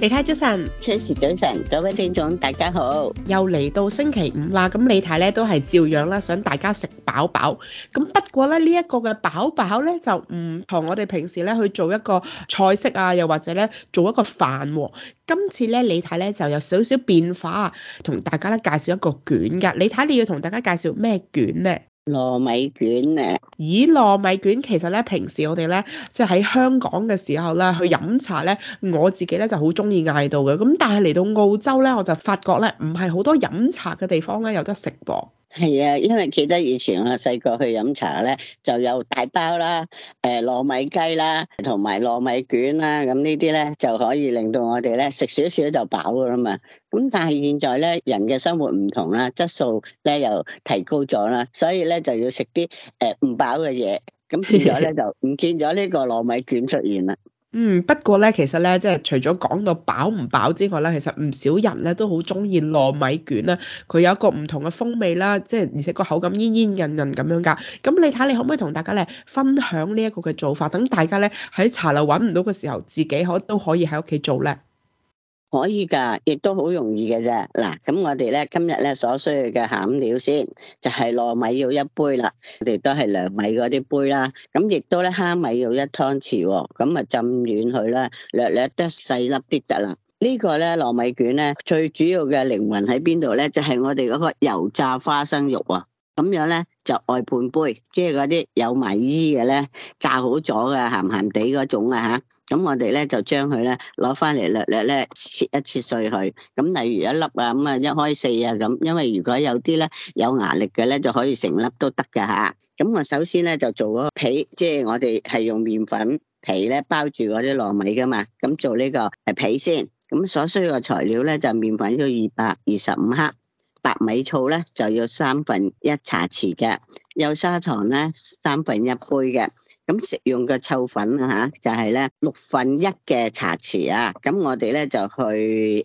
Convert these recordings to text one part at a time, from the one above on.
李太早晨 Charles 早晨，各位聽眾大家好，又嚟到星期五啦，咁李太咧都係照樣啦，想大家食飽飽，咁不過咧呢一個嘅飽飽咧就唔同我哋平時咧去做一個菜式啊，又或者咧做一個飯喎，今次咧李太咧就有少少變化，同大家咧介紹一個卷噶，李太你要同大家介紹咩卷咧？糯米卷咧，咦？糯米卷其實咧，平時我哋咧即係喺香港嘅時候咧，去飲茶咧，我自己咧就好鍾意嗌到嘅。咁但係嚟到澳洲咧，我就發覺咧，唔係好多飲茶嘅地方咧有得食噃。係啊，因為記得以前我細個去飲茶咧，就有大包啦，誒、呃、糯米雞啦，同埋糯米卷啦，咁呢啲咧就可以令到我哋咧食少少就飽噶啦嘛。咁但係現在咧人嘅生活唔同啦，質素咧又提高咗啦，所以咧就要食啲誒唔飽嘅嘢，咁變咗咧就唔見咗呢個糯米卷出現啦。嗯，不過咧，其實咧，即係除咗講到飽唔飽之外咧，其實唔少人咧都好鍾意糯米卷啦。佢有一個唔同嘅風味啦，即係而且個口感煙煙韌韌咁樣噶。咁你睇，你可唔可以同大家咧分享呢一個嘅做法？等大家咧喺茶樓揾唔到嘅時候，自己可都可以喺屋企做咧。可以噶，亦都好容易嘅啫。嗱，咁我哋咧今日咧所需要嘅餡料先，就係、是、糯米要一杯啦，我哋都係涼米量米嗰啲杯啦。咁亦都咧蝦米要一湯匙、哦，咁啊浸軟佢啦，略略得細粒啲得啦。這個、呢個咧糯米卷咧最主要嘅靈魂喺邊度咧，就係、是、我哋嗰個油炸花生肉啊、哦，咁樣咧。就外盤杯，即係嗰啲有埋衣嘅咧，炸好咗嘅鹹鹹地嗰種啊吓，咁我哋咧就將佢咧攞翻嚟略略咧切一切碎佢，咁例如一粒啊咁啊一開四啊咁，因為如果有啲咧有牙力嘅咧就可以成粒都得㗎吓，咁我首先咧就做個皮，即係我哋係用麵粉皮咧包住嗰啲糯米噶嘛，咁做呢個係皮先，咁所需嘅材料咧就麵粉要二百二十五克。白米醋咧就要三分一茶匙嘅，有砂糖咧三分一杯嘅，咁食用嘅臭粉吓、啊、就係咧六分一嘅茶匙啊，咁我哋咧就去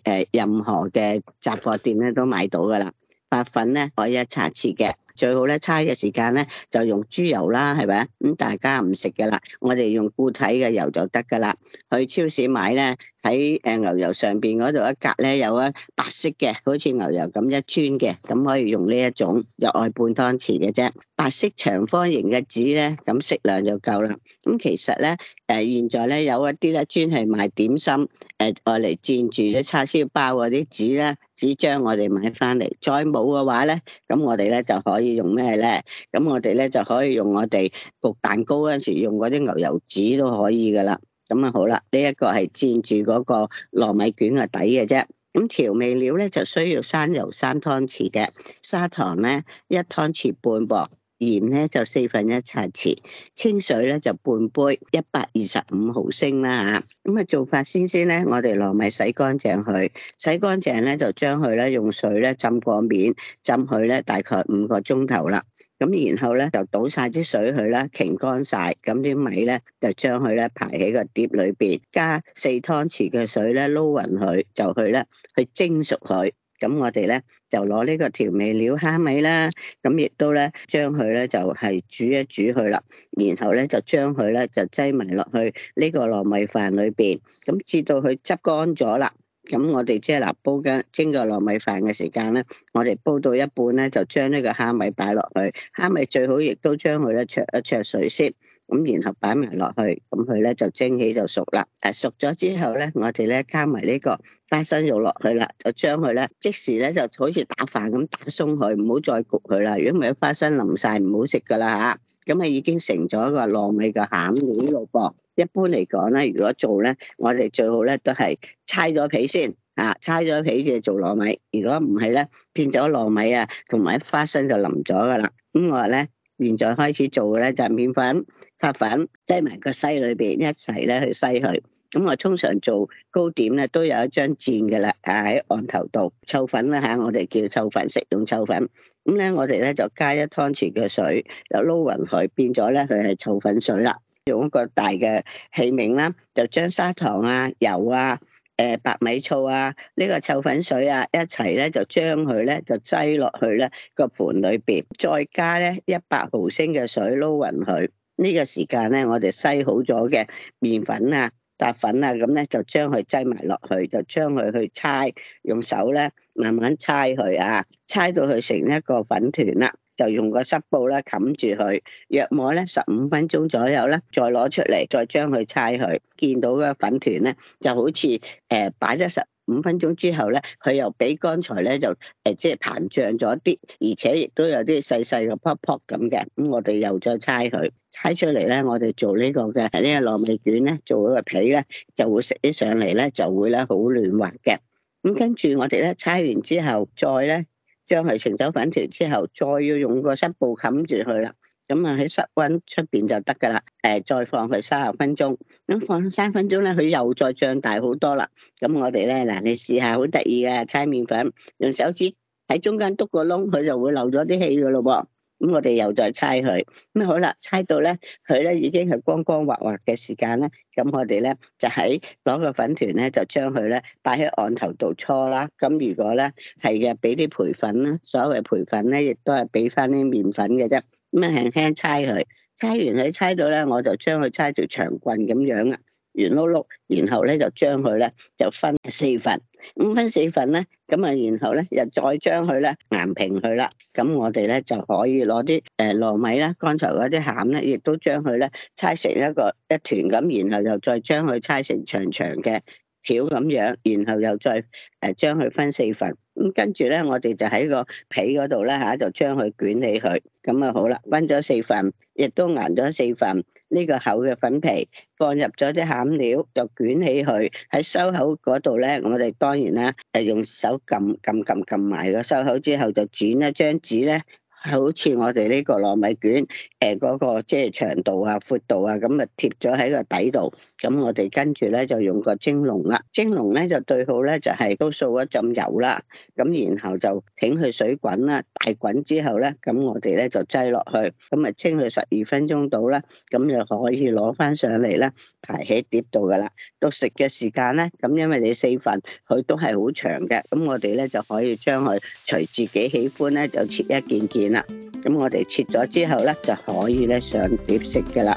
誒、呃、任何嘅雜貨店咧都買到噶啦，白粉咧可以一茶匙嘅。最好咧，差嘅時間咧，就用豬油啦，係咪？咁大家唔食嘅啦，我哋用固體嘅油就得嘅啦。去超市買咧，喺誒牛油上邊嗰度一格咧，有一白色嘅，好似牛油咁一磚嘅，咁可以用呢一種，就愛半湯匙嘅啫。白色長方形嘅紙咧，咁適量就夠啦。咁其實咧，誒現在咧有一啲咧專係賣點心，誒愛嚟蘸住啲叉燒包嗰啲紙咧，紙張我哋買翻嚟。再冇嘅話咧，咁我哋咧就可以。要用咩咧？咁我哋咧就可以用我哋焗蛋糕嗰陣時用嗰啲牛油紙都可以噶啦。咁啊好啦，呢一個係墊住嗰個糯米卷嘅底嘅啫。咁調味料咧就需要生油三湯匙嘅砂糖咧一湯匙半噃。鹽咧就四分一茶匙，清水咧就半杯，一百二十五毫升啦嚇。咁、嗯、啊做法先先咧，我哋糯米洗乾淨佢，洗乾淨咧就將佢咧用水咧浸過面，浸佢咧大概五個鐘頭啦。咁、嗯、然後咧就倒晒啲水去啦，擎乾晒，咁啲米咧就將佢咧排喺個碟裏邊，加四湯匙嘅水咧撈勻佢，就去咧去蒸熟佢。咁我哋咧就攞呢個調味料蝦米啦，咁亦都咧將佢咧就係、是、煮一煮佢啦，然後咧就將佢咧就擠埋落去呢個糯米飯裏邊，咁至到佢汁乾咗啦。咁我哋即係嗱，煲緊蒸個糯米飯嘅時間咧，我哋煲到一半咧，就將呢個蝦米擺落去，蝦米最好亦都將佢咧焯一焯水先，咁然後擺埋落去，咁佢咧就蒸起就熟啦。誒，熟咗之後咧，我哋咧加埋呢個花生肉落去啦，就將佢咧即時咧就好似打飯咁打鬆佢，唔好再焗佢啦，如果唔係花生淋晒唔好食噶啦吓。咁啊已經成咗個糯米嘅餡料咯噃。一般嚟講咧，如果做咧，我哋最好咧都係。拆咗皮先啊！拆咗皮先做糯米，如果唔係咧，變咗糯米啊，同埋花生就淋咗噶啦。咁我話咧，現在開始做咧就係麵粉、發粉擠埋個篩裏邊一齊咧去篩去。咁我通常做糕點咧都有一張箭嘅啦啊！喺案頭度，臭粉啦嚇，我哋叫臭粉食用臭粉。咁咧我哋咧就加一湯匙嘅水，又撈勻佢變咗咧佢係臭粉水啦。用一個大嘅器皿啦，就將砂糖啊、油啊。誒，白米醋啊，呢個臭粉水啊，一齊咧就將佢咧就擠落去咧，個盤裏邊，再加咧一百毫升嘅水撈勻佢。呢個時間咧我哋篩好咗嘅麵粉啊、白粉啊，咁咧就將佢擠埋落去，就將佢去搓，用手咧慢慢搓佢啊，搓到佢成一個粉團啦。就用個濕布啦，冚住佢，約摸咧十五分鐘左右啦，再攞出嚟，再將佢搓佢，見到個粉團咧，就好似誒擺咗十五分鐘之後咧，佢又比剛才咧就誒、呃、即係膨脹咗啲，而且亦都有啲細細個粒粒咁嘅，咁我哋又再搓佢，搓出嚟咧，我哋做呢個嘅呢、呢個糯米卷咧，做嗰個皮咧，就會食起上嚟咧，就會咧好嫩滑嘅，咁跟住我哋咧搓完之後，再咧。將佢成走粉條之後，再要用個濕布冚住佢啦。咁啊喺室温出邊就得噶啦。誒，再放佢三十分鐘，咁放三分鐘咧，佢又再脹大好多啦。咁我哋咧嗱，你試下好得意嘅，搓麵粉，用手指喺中間篤個窿，佢就會漏咗啲氣噶咯噃。咁我哋又再猜佢，咁好啦，猜到咧，佢咧已經係光光滑滑嘅時間咧，咁我哋咧就喺攞個粉團咧，就將佢咧擺喺案頭度搓啦。咁如果咧係嘅，俾啲培粉啦，所謂培粉咧，亦都係俾翻啲麵粉嘅啫。咁輕輕猜佢，猜完佢猜到咧，我就將佢猜做長棍咁樣啊。圓碌碌，然後咧就將佢咧就分四份，咁分四份咧，咁啊然後咧又再將佢咧硬平佢啦，咁我哋咧就可以攞啲誒糯米啦，剛才嗰啲餡咧亦都將佢咧搓成一個一團咁，然後又再將佢搓成長長嘅條咁樣，然後又再誒將佢分四份，咁跟住咧我哋就喺個皮嗰度咧嚇就將佢捲起佢，咁啊好啦，分咗四份，亦都硬咗四份。呢個厚嘅粉皮放入咗啲餡料，就捲起佢。喺收口嗰度呢，我哋當然啦，係用手撳撳撳撳埋個收口之後，就剪一張紙呢，好似我哋呢個糯米卷。誒嗰、那個即係、就是、長度啊、闊度啊，咁啊貼咗喺個底度。咁我哋跟住咧就用個蒸籠啦。蒸籠咧就最好咧就係、是、都掃一浸油啦。咁然後就挺去水滾啦，大滾之後咧，咁我哋咧就擠落去。咁啊清佢十二分鐘到啦，咁就可以攞翻上嚟啦，排喺碟度噶啦。到食嘅時間咧，咁因為你四份佢都係好長嘅，咁我哋咧就可以將佢隨自己喜歡咧就切一件件啦。咁我哋切咗之後咧就。可以咧，上碟食嘅啦。